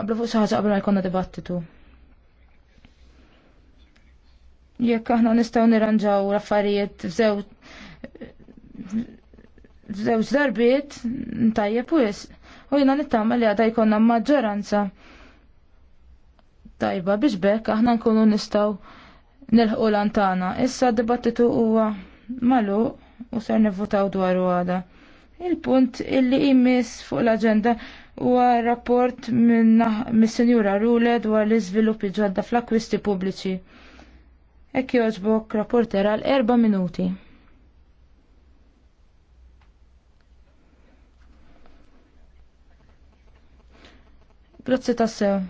naqblu fuq xi ħaġa jkollna dibattitu. Jekk aħna nistgħu nirranġaw l-affarijiet f'żewġ darbiet ntajjeb jis. u jiena nittama li għadha jkollna maġġoranza tajba biex bekk aħna nkunu nistgħu nilħqu lantana. Issa dibattitu huwa magħluq u ser nivvutaw dwar. għada. Il-punt illi jmiss fuq l-aġenda huwa rapport minn mis-Senjura Rule dwar l-iżviluppi ġodda fl-akwisti pubbliċi. Hekk jogħġbok rapporter għal erba' minuti. Grazzi tassew,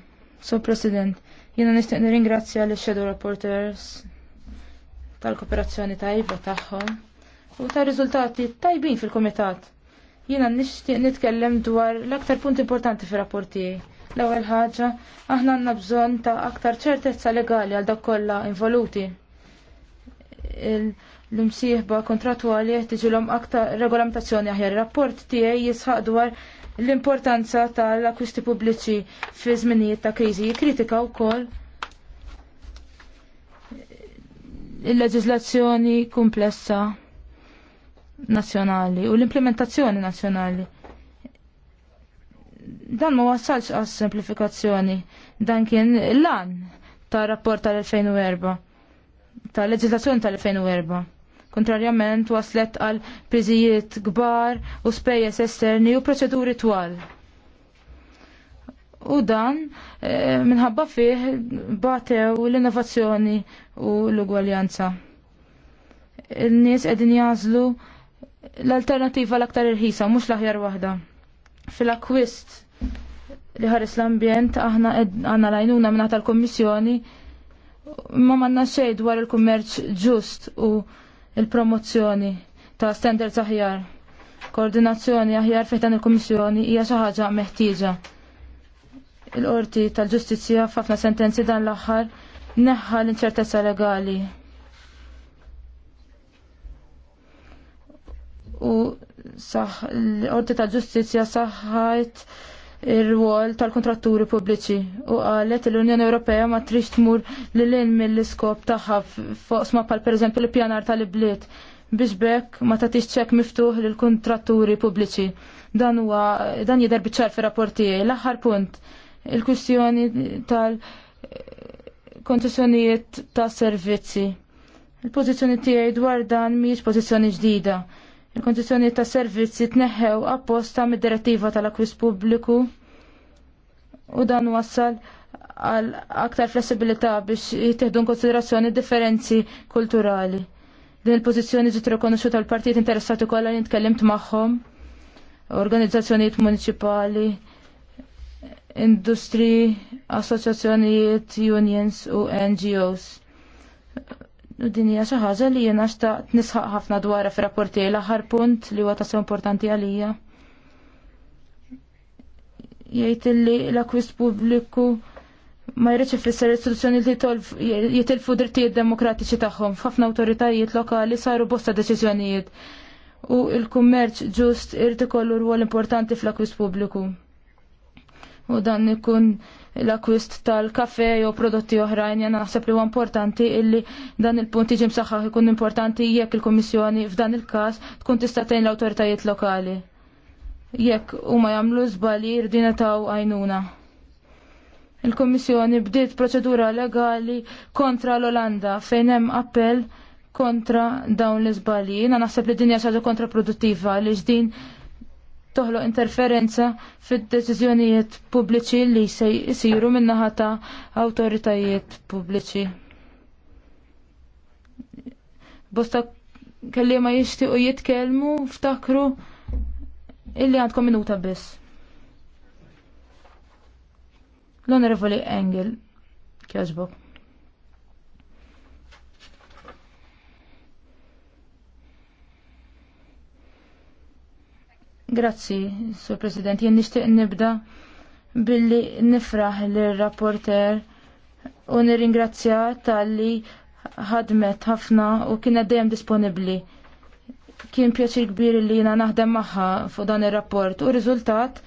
so President. Jena nistaqni nirringrazzja l shadow Reporters tal-kooperazzjoni tajba tagħhom u ta' riżultati tajbin fil-Komitat jina nishtiq nitkellem dwar l-aktar punt importanti fi rapporti. L-ewwel ħaġa, aħna għandna bżonn ta' aktar ċertezza legali għal dak kollha involuti. L-imsieħba kontratwali jeħtieġulhom aktar regolamentazzjoni aħjar. Rapport tiegħi jisħaq dwar l-importanza tal-akwisti pubbliċi fi żminijiet ta' kriżi. Jikkritika wkoll il-leġiżlazzjoni komplessa nazzjonali u l-implementazzjoni nazzjonali. Dan ma wassalx għas semplifikazzjoni, dan kien l-an ta' rapport tal-2004, ta' leġislazzjoni tal-2004. Kontrarjament waslet għal priżijiet kbar u spejjeż esterni u proċeduri twal. U dan eh, minħabba fih batew l-innovazzjoni u l-ugwaljanza. Il-nies qegħdin jażlu l-alternativa l-aktar irħisa, mhux l-aħjar waħda. Fil-akwist li ħares l-ambjent, aħna għanna lajnuna minna tal-kommissjoni, ma manna xej dwar il-kummerċ ġust u il-promozzjoni ta' standards aħjar. Koordinazzjoni aħjar fejtan il-kommissjoni hija xi ħaġa meħtieġa. Il-qorti tal-ġustizzja f'ħafna sentenzi dan l-aħħar neħħa l-inċertezza legali u saħ l-Qorti ta' Ġustizzja saħħajt ir-rwol tal-kontratturi pubbliċi u qalet l-Unjoni Ewropea ma trix tmur lil-in mill-iskop tagħha sma pal pereżempju l-pjanar tal-ibliet biex bekk ma tagħtix ċek miftuħ lil kontratturi pubbliċi. Dan huwa dan jidher biċċar fir-rapport tiegħi. L-aħħar punt il-kwistjoni tal- konċessjonijiet ta' servizzi. il pożizzjoni tiegħi dwar dan mhijiex pożizzjoni ġdida. Il-kondizjoni ta' servizzi tneħħew apposta mid-direttiva tal-akwis pubbliku u dan wassal għal aktar flessibilità biex jittieħdu konsiderazzjoni differenzi kulturali. Din il-pożizzjoni ġiet rikonoxxuta tal-partit interessati kollha li tkellimt magħhom, organizzazzjonijiet municipali, industri, assoċjazzjonijiet, unions u NGOs. U din hija xi ħaġa li jiena xtaqt nisħaq ħafna dwarha f'rapporti l-aħħar punt li huwa tassew importanti għalija. Jgħid li l-akwist pubbliku ma jridx ifisser istituzzjoni li jitilfu drittijiet demokratiċi tagħhom. F'ħafna awtoritajiet lokali saru bosta deċiżjonijiet u l-kummerċ ġust irid ikollu rwol importanti fl-akwist pubbliku. U dan ikun l-akwist tal-kafe jew prodotti oħrajn jena naħseb li huwa importanti illi dan il-punt iġi msaħħaħ ikun importanti jekk il-Kummissjoni f'dan il-każ tkun tista' tgħin l-awtoritajiet lokali. Jekk huma jagħmlu żbalji jridu taw għajnuna. Il-Kummissjoni bdiet proċedura legali kontra l-Olanda fejn hemm appell kontra dawn l-iżbalji. Jiena naħseb li dinja xaġa kontraproduttiva li ġdin toħloq interferenza fid-deċiżjonijiet pubbliċi li se jsiru min-naħa ta' autoritajiet pubbliċi. Bosta jishti jixtiequ jitkellmu ftakru illi għandkom minuta biss. L-Onorevoli Engel, kjaġbok. Grazzi, Sur President. Jien nixtieq nibda billi nifraħ l-rapporter u nirringrazzja tal-li ħadmet ħafna u kienet dejjem disponibbli. Kien pjaċir kbir li jiena naħdem magħha fuq dan ir-rapport u riżultat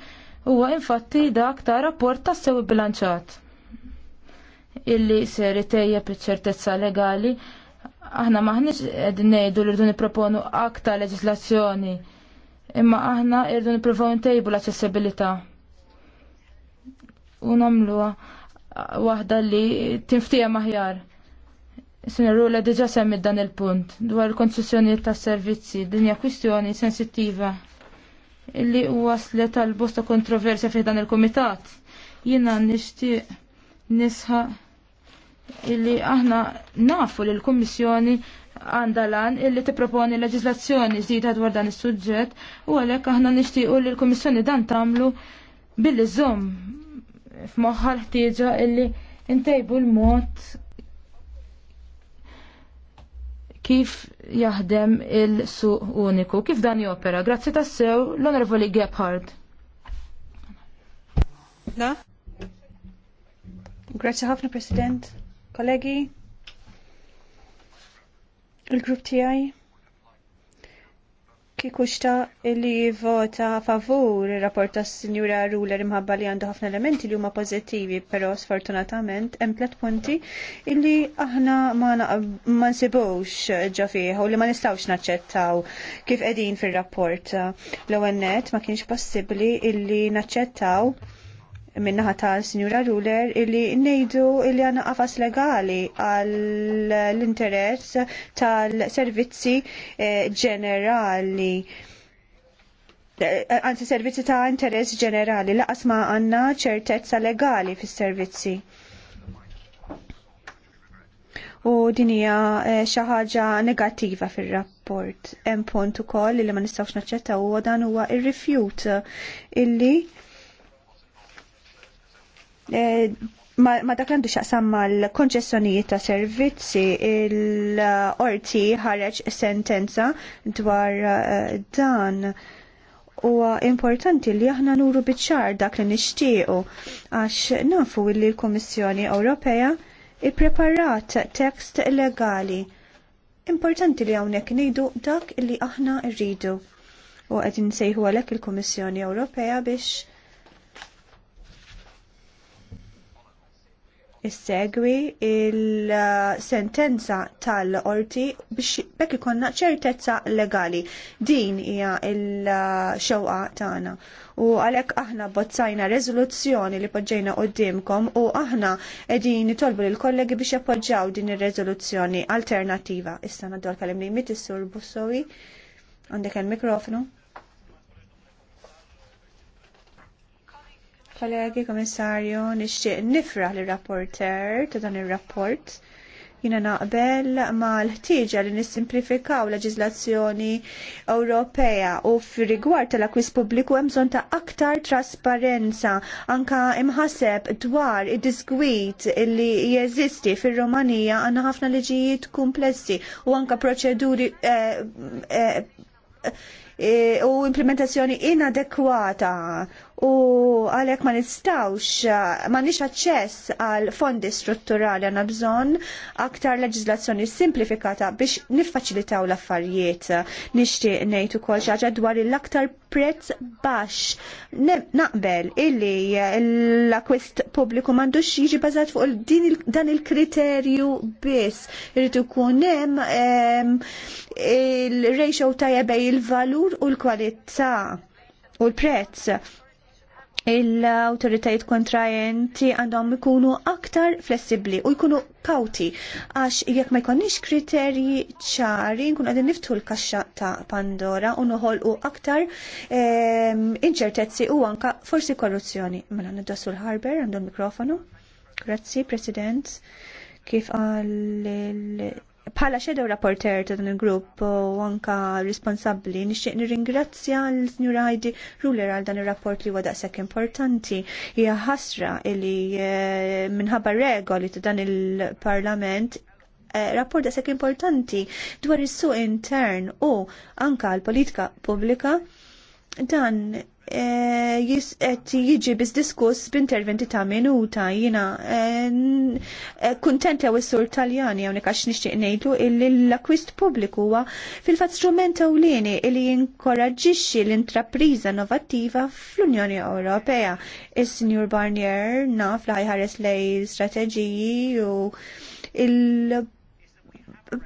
huwa infatti dak ta' rapport sew bilanċat illi ser itejjeb iċ-ċertezza legali aħna maħniġ qegħdin ngħidu li rridu nipproponu aktar leġislazzjoni imma aħna irdu nippruvaw ntejbu l accessibilità U nagħmluha waħda li tinftija maħjar. Sina rula diġa semmi dan il-punt dwar il konsessjoni tas servizzi dinja kwistjoni sensittiva illi waslet għal bosta kontroversja fi dan il-komitat. Jina nixtieq nisħa illi aħna nafu li l-Kummissjoni għandha lan illi tipproponi leġislazzjoni ġdida dwar dan is-suġġett u għalhekk aħna nixtiequ li l-Kummissjoni dan tagħmlu billi żomm f'moħħa l-ħtieġa illi ntejbu l-mod kif jaħdem il-suq uniku, kif dan jopera. Grazzi tassew l-Onorevoli Gebhardt. Grazie ħafna President. Kollegi, il-grupp tiegħi kieku xta li vota favur il-rapport tas sinjura Ruler imħabba li għandu ħafna elementi li huma pożittivi, però sfortunatament hemm tliet punti illi aħna ma nsibux ġa fih u li ma nistgħux naċċettaw kif qegħdin fir-rapport. L-ewwel ma kienx possibbli illi naċċettaw minnaħa ta' Sinjura Ruler illi nejdu illi għanna qafas legali għall-interess tal-servizzi eh, ġenerali. Eh, anzi, servizzi ta' interess ġenerali laqas ma' għanna ċertezza legali fis servizzi U dinija eh, xi ħaġa negattiva fir-rapport. Hemm punt ukoll li ma nistgħux naċċettaw huwa dan huwa ir-rifjut illi Eh, ma, ma dak għandu xaqsam mal-konċessjonijiet ta' servizzi il-orti ħareġ sentenza dwar eh, dan u importanti li aħna nuru biċċar dak li nixtiequ għax nafu li l-Kommissjoni Ewropea i-preparat tekst legali. Importanti li hawnhekk ngħidu dak li aħna rridu u qed insejħu għalhekk il-Kummissjoni Ewropea biex issegwi il-sentenza tal-orti biex bekk ikonna ċertezza legali. Din hija il-xewqa tagħna. U għalhekk aħna bozzajna rezoluzzjoni li poġġejna qudiemkom u aħna qegħdin nitolbu lill kollegi biex jappoġġjaw din ir-reżoluzzjoni alternattiva. Issa nadwar kalim li mit is-sur Bussowi. Għandek il-mikrofonu. kollegi, komissarju, nixtieq nifra li rapporter ta' dan ir-rapport jina naqbel ma l-ħtieġa li nissimplifikaw leġislazzjoni Ewropea u f'rigward tal-akwis pubbliku hemm bżonn ta' aktar trasparenza anka imħaseb dwar id-diskwit li jeżisti fir-Romanija għandna ħafna liġijiet komplessi u anka proċeduri eh, eh, eh u implementazzjoni inadekwata u għalek ma nistawx, ma nix aċċess għal fondi strutturali għana bżon aktar leġizlazzjoni simplifikata biex niffaċilitaw l-affarijiet. Nishtiq nejtu kol xaġa dwar l-aktar prezz baxx. Naqbel illi l-akwist publiku mandux jiġi bazat fuq dan il-kriterju biss. Irritu kunem il-ratio tajja il-valur u l-kwalità u l-prezz l-autoritajiet kontrajenti għandhom ikunu aktar flessibli u jkunu kauti għax jekk ma jkonniex kriterji ċari nkun għadin niftu l-kaxxa ta' Pandora u u aktar ehm, inċertezzi u anka forsi korruzzjoni. Mela niddossu l-Harber għandhom l-mikrofonu. Grazzi, President. Kif għal Pala xedew rapporter ta' dan il-grupp u anka responsabli, nixtieq nirringrazzja l-Sinjura Heidi Ruler għal dan ir-rapport li huwa daqshekk importanti. Hija ħasra li eh, minħabba regoli ta' dan il-Parlament eh, rapport daqshekk importanti dwar is-suq intern u anka l-politika pubblika dan qed eh, jiġi bizdiskuss diskuss b'interventi ta' minuta jiena eh, kuntent jew is-sur Taljani hawnhekk għax nixtieq ngħidu illi l-akwist pubbliku huwa fil-fatt strument ewlieni li jinkoraġġixxi l-intrapriża innovattiva fl-Unjoni Ewropea. Is-Sinjur Barnier naf li ħares lej strateġiji u il-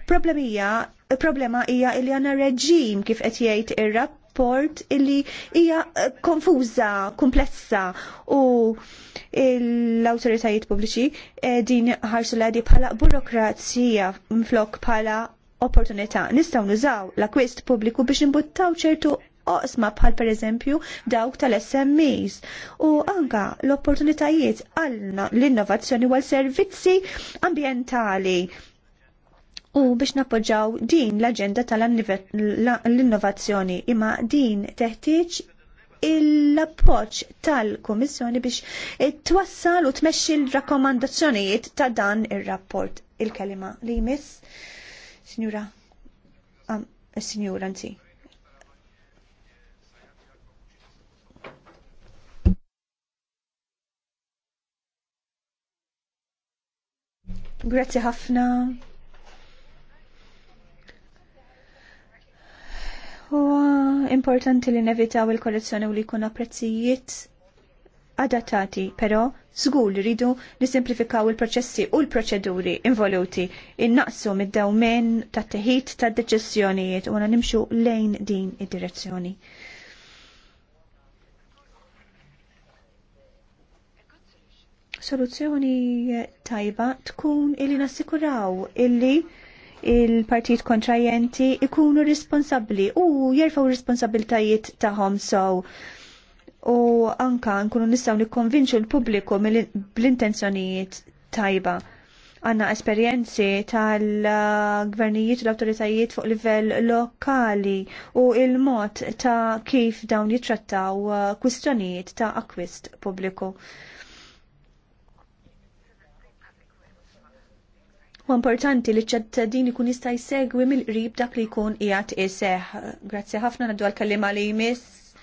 problemija problema hija li għandna reġim kif qed jgħid ir rab sport illi hija eh, konfuża, komplessa u l-awtoritajiet pubbliċi eh, din ħarsu l bħala burokrazija mflok bħala opportunità. Nistgħu nużaw l-akwist pubbliku biex imbuttaw ċertu oqsma bħal per eżempju dawk tal-SMEs u anka l-opportunitajiet għal l-innovazzjoni għal servizzi ambientali u biex nappoġġaw din l-agenda tal-innovazzjoni imma din teħtieġ l-appoġġ tal-Kummissjoni biex twassal u tmexxi l-rakkomandazzjonijiet ta' dan ir-rapport. Il kelima li jmiss, Sinjura, um, Sinjura nti. Grazie ħafna. Huwa importanti li nevitaw il-kollezzjoni u li jkun prezzijiet adattati, però żgur li simplifikaw il-proċessi u l-proċeduri involuti, innaqsu mid-dawmen tat teħid tad deċizzjonijiet u nimxu lejn din id-direzzjoni. soluzzjoni tajba tkun illi nassikuraw illi il-partit kontrajenti ikunu responsabli u jerfaw responsabiltajiet taħom sow u anka nkunu nistaw nikkonvinċu l-pubbliku bl-intenzjonijiet tajba għanna esperienzi tal-gvernijiet u l-autoritajiet fuq livell lokali u il-mod ta' kif dawn jitrattaw uh, kwistjonijiet ta' akwist pubbliku. U importanti li ċ-ċittadin ikun jista' jsegwi mill-qrib dak li jkun qiegħed iseħ. Grazzi ħafna naddu għall-kellima li jmiss.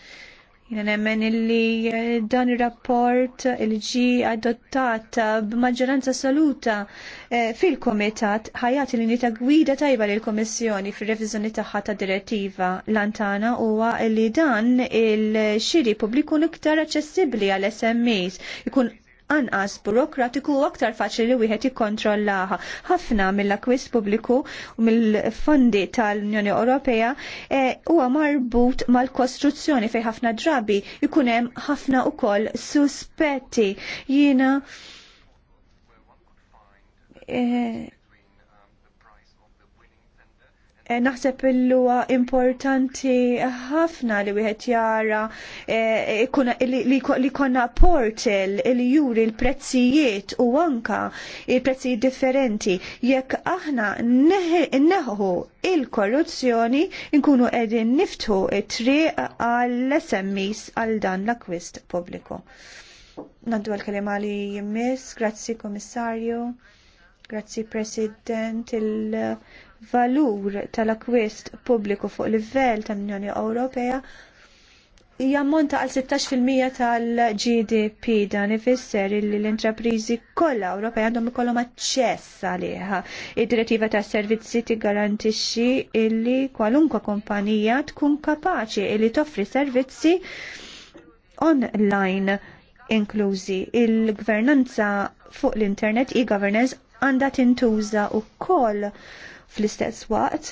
Jina nemmen illi eh, dan ir-rapport il ġi adottat b'maġġoranza saluta eh, fil-komitat ħajat li nita gwida tajba lill-Kummissjoni komissjoni fil-revizjoni tagħha ta' direttiva lantana huwa li dan il-xiri pubbliku iktar aċċessibbli għal SMEs ikun anqas burokratiku u aktar faċli li wieħed jikkontrollaha. Ħafna mill-akwist pubbliku u mill-fondi tal-Unjoni Ewropea eh, huwa marbut mal-kostruzzjoni fejn ħafna drabi jkun hemm ħafna ukoll suspetti. Jiena eh, Eh, naħseb il-luwa importanti ħafna li wieħed jara eh, li konna portal li juri l-prezzijiet u anka il-prezzijiet differenti. Jekk aħna neħu il-korruzzjoni nkunu qegħdin niftu it-triq għall-SMEs għal dan l-akwist pubbliku. Naddu għal-kelima li jimmis, grazzi komissarju, grazzi president il- valur tal-akwist pubbliku fuq livell tal-Unjoni Ewropea jammonta għal 16% tal-GDP dan ifisser li l-intraprizi kollha Ewropea għandhom ikollhom aċċess għaliha. Id-direttiva tas servizzi tiggarantixxi illi kwalunkwe kumpanija tkun kapaċi li toffri servizzi online inklużi. Il-gvernanza fuq l-internet e-governance għandha tintuża wkoll fl-istess waqt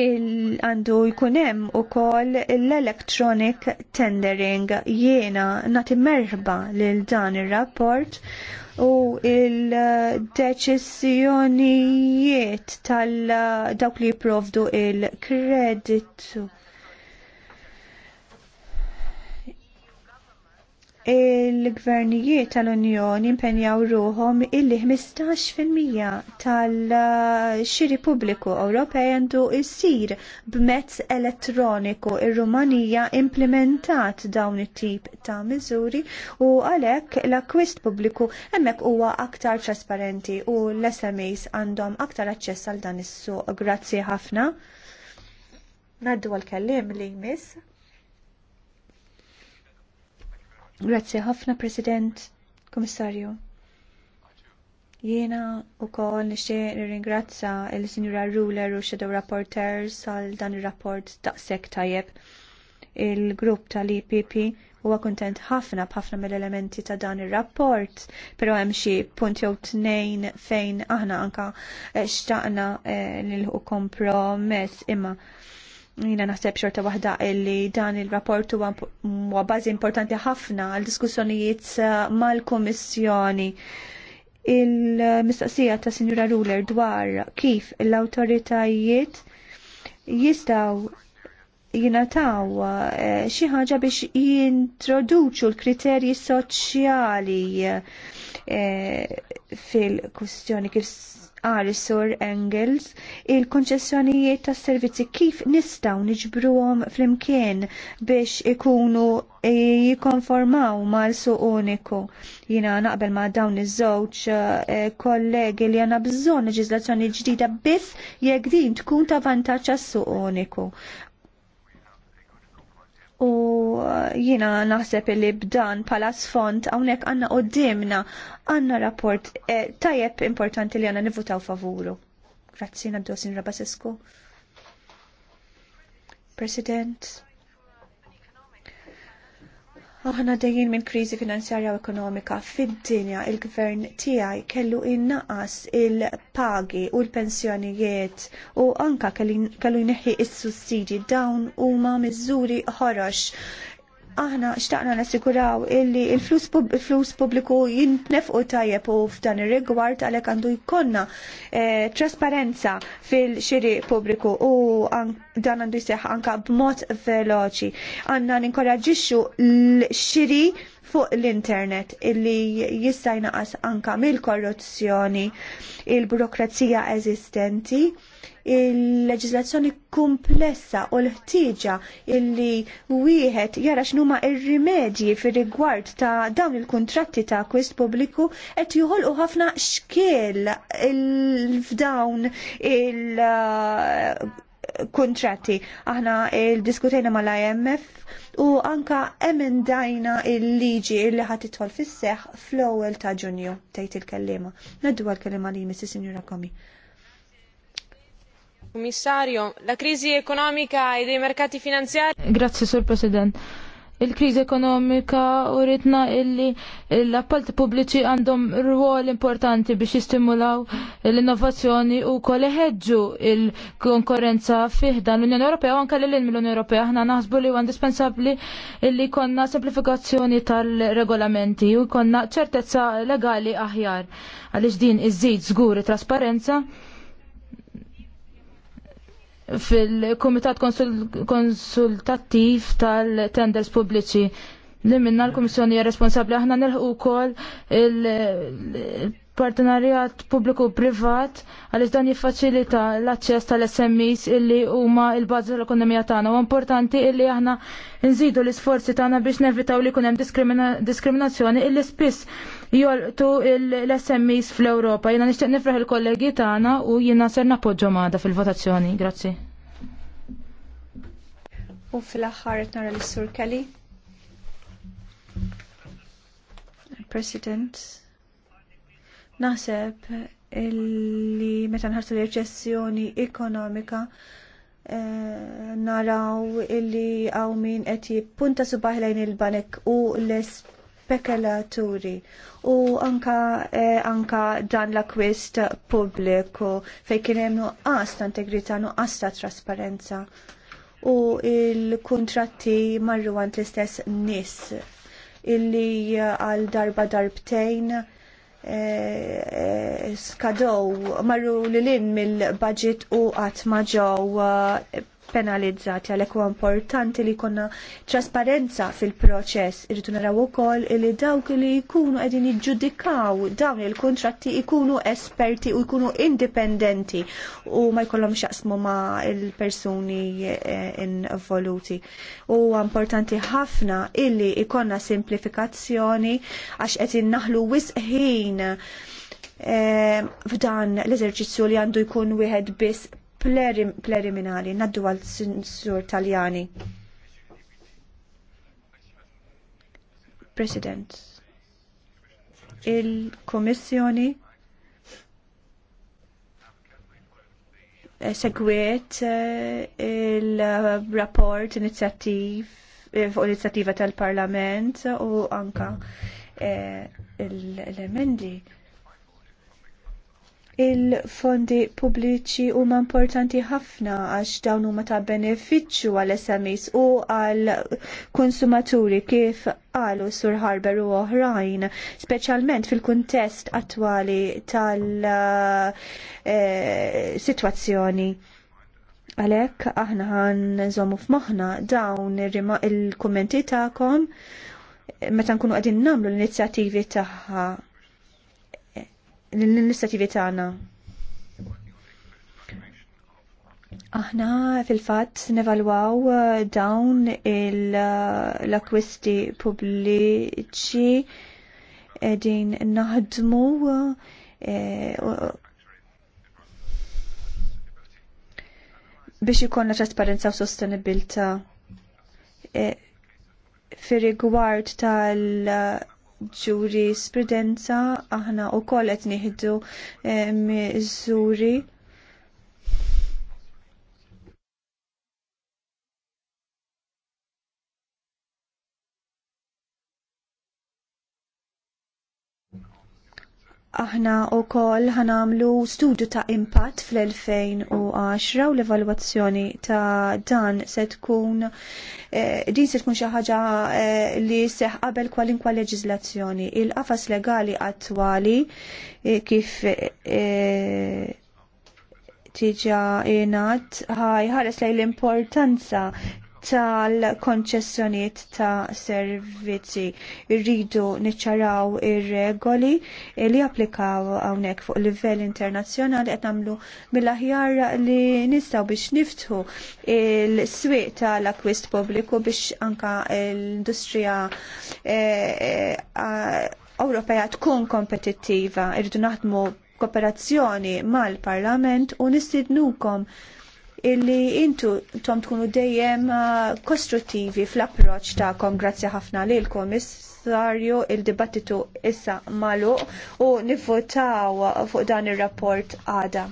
għandu jkunem u kol l-electronic tendering jiena nati merħba lil dan il-rapport u il deċessjonijiet tal-dawk li jiprovdu il-kreditu il-gvernijiet tal-Unjoni impenjaw ruhom illi 15% tal-xiri pubbliku Ewropej għandu jsir b'mezz elettroniku. Ir-Rumanija implementat dawn it-tip ta' miżuri u għalhekk l-akkwist pubbliku hemmhekk huwa aktar trasparenti u l-SMEs għandhom aktar aċċess għal dan is-suq. Grazzi ħafna. Naddu għal-kellim li jmiss. Grazzi ħafna, President, Komissarju. Jiena u kol nixtieq ringrazza il-Sinjura Ruler u Shadow Rapporteurs għal dan ir-rapport daqshekk tajjeb. Il-grupp tal-IPP huwa kuntent ħafna b'ħafna mill-elementi ta' dan ir-rapport, però hemm xi punt jew tnejn fejn aħna anka xtaqna eh, l-ħu kompromess imma jina naħseb xorta wahda illi dan il-rapport huwa bażi importanti ħafna għal diskussjonijiet uh, mal-Komissjoni il-mistaqsija ta' Sinjura Ruler dwar kif l-autoritajiet jistaw jinataw eh, xi ħaġa biex jintroduċu l-kriterji soċjali eh, fil-kustjoni kif għal sur Engels il-konċessjonijiet tas servizzi kif nistaw niġbruhom flimkien biex ikunu eh, jikonformaw mal-suq uniku. Jina naqbel ma' dawn iż-żewġ kollegi li għana bżonn leġislazzjoni ġdida biss jekk din tkun ta' vantaġġ għas-suq uniku u eh, jina naħseb li b'dan pala sfond għawnek għanna u dimna għanna rapport e, tajjeb importanti li għanna nivutaw favuru. Grazzi, naddu sin President. Aħna dejjin minn kriżi finanzjarja u ekonomika fid-dinja il-gvern tiegħi kellu innaqas il-pagi u l-pensjonijiet u anka kellu jneħħi s sussidji dawn huma miżuri ħorox aħna xtaqna nassikuraw illi il-flus pub, publiku jintnefqu tajjeb u f'dan ir-rigward għalhekk għandu jkollna eh, trasparenza fil-xiri pubbliku u an, dan għandu jseħħ anka b'mod veloċi. Għandna ninkoraġixxu l-xiri fuq l-internet illi jista' jnaqas anka mill-korruzzjoni, il-burokrazija eżistenti, il-leġislazzjoni komplessa u l-ħtieġa illi wieħed jara x'numa ir-rimedji fir-rigward ta' dawn il-kuntratti ta' akwist pubbliku qed joħolqu ħafna xkiel f'dawn il- kontratti. Aħna il-diskutejna eh, mal-IMF u anka emendajna il-liġi li ħat titħol fis-seħ fl-ewwel ta' Ġunju tgħid il-kellima. Naddu għal-kellima li Mrs. Sinjura Komi. Commissario, la crisi economica e dei mercati finanziari. Grazie, Sur Presidente il-kriżi ekonomika u ritna illi l-appalti pubbliċi għandhom ruol importanti biex jistimulaw l-innovazzjoni u kolleħedġu iħeġġu il-konkurrenza fiħdan l-Unjoni Ewropea u anke lil mill-Unjoni Ewropea aħna naħsbu li huwa indispensabbli illi konna semplifikazzjoni tal-regolamenti u konna ċertezza legali aħjar għaliex din iż-żid żgur trasparenza fil-Kumitat Konsultattiv tal-Tenders Pubbliċi li minna l-Komissjoni responsabli aħna nilħu kol il partenarjat pubbliku privat għaliex dan jiffaċilita l-aċċess tal-SMEs illi huma l-bażi tal-ekonomija tagħna. U importanti illi aħna nżidu l-isforzi tagħna biex nevitaw li jkun hemm diskriminazzjoni illi spiss jolqtu l-SMEs fl-Ewropa. Jiena nixtieq nifraħ il-kollegi tagħna u jiena ser nappoġġhom għada fil-votazzjoni. Grazzi. U fil-aħħar qed nara lis sur Kelly. President Naħseb li meta nħarsu l-reċessjoni ekonomika eh, naraw illi għaw min qed jippunta subaħ lejn il-banek u l-spekulaturi u anka e, anka dan l-akwist pubbliku fejn kien hemm nuqqas ta' integrità nuqqas ta' trasparenza u il-kontratti marru għand l-istess nies illi għal darba darbtejn Eh, eh, skadow marru li lin mill-budget u għat uh penalizzati għalhekk huwa importanti li jkollna trasparenza fil-proċess. Irridu naraw ukoll li dawk li jkunu qegħdin jiġġudikaw dawn il-kuntratti jkunu esperti u jkunu indipendenti u ma jkollhomx jaqsmu ma' il-persuni eh, involuti. Huwa importanti ħafna illi jkollna simplifikazzjoni għax qed innaħlu wisħin eh, f'dan l-eżerċizzju li għandu jkun wieħed biss preliminari naddu għal sur Taljani. President, il-Komissjoni segwiet eh, il-rapport inizjattiv eh, fuq inizjattiva tal-Parlament u anka eh, l-emendi il-fondi pubbliċi huma importanti ħafna għax dawn huma ta' benefiċċju għal SMEs u għal konsumaturi kif għalu Sur Harber u oħrajn, speċjalment fil-kuntest attwali tal-sitwazzjoni. Eh, Għalhekk aħna ħan zomu f'moħħna dawn il-kummenti tagħkom meta nkunu qegħdin nagħmlu l-inizjattivi tagħha l-inissativi tagħna. Aħna fil-fatt nevalwaw uh, dawn l-akwisti pubbliċi din naħdmu uh, uh, biex ikonna trasparenza u sostenibilta eh, fi rigward tal ġurisprudenza aħna u kollet nieħdu eh, miżuri aħna u koll ħanamlu studju ta' impatt fl-2010 u l-evalwazzjoni ta' dan se tkun eh, din se tkun xi ħaġa eh, li seħ qabel kwalinkwa leġiżlazzjoni. Il-qafas legali attwali eh, kif eh, tiġa jenat ħaj ħares lej l-importanza tal-konċessjoniet ta' servizzi. Irridu niċċaraw ir-regoli li applikaw hawnhekk fuq livell internazzjonali qed nagħmlu mill-aħjar li nistgħu biex niftħu il-swieq tal-akwist pubbliku biex anka l-industrija eh, eh, Ewropea tkun kompetittiva, irridu naħdmu kooperazzjoni mal-Parlament u nistidnukom illi intu tom tkunu dejjem uh, kostruttivi fl-approċ ta' grazzi ħafna li l-komissarju il-dibattitu issa malu u nivvotaw fuq dan il-rapport għada.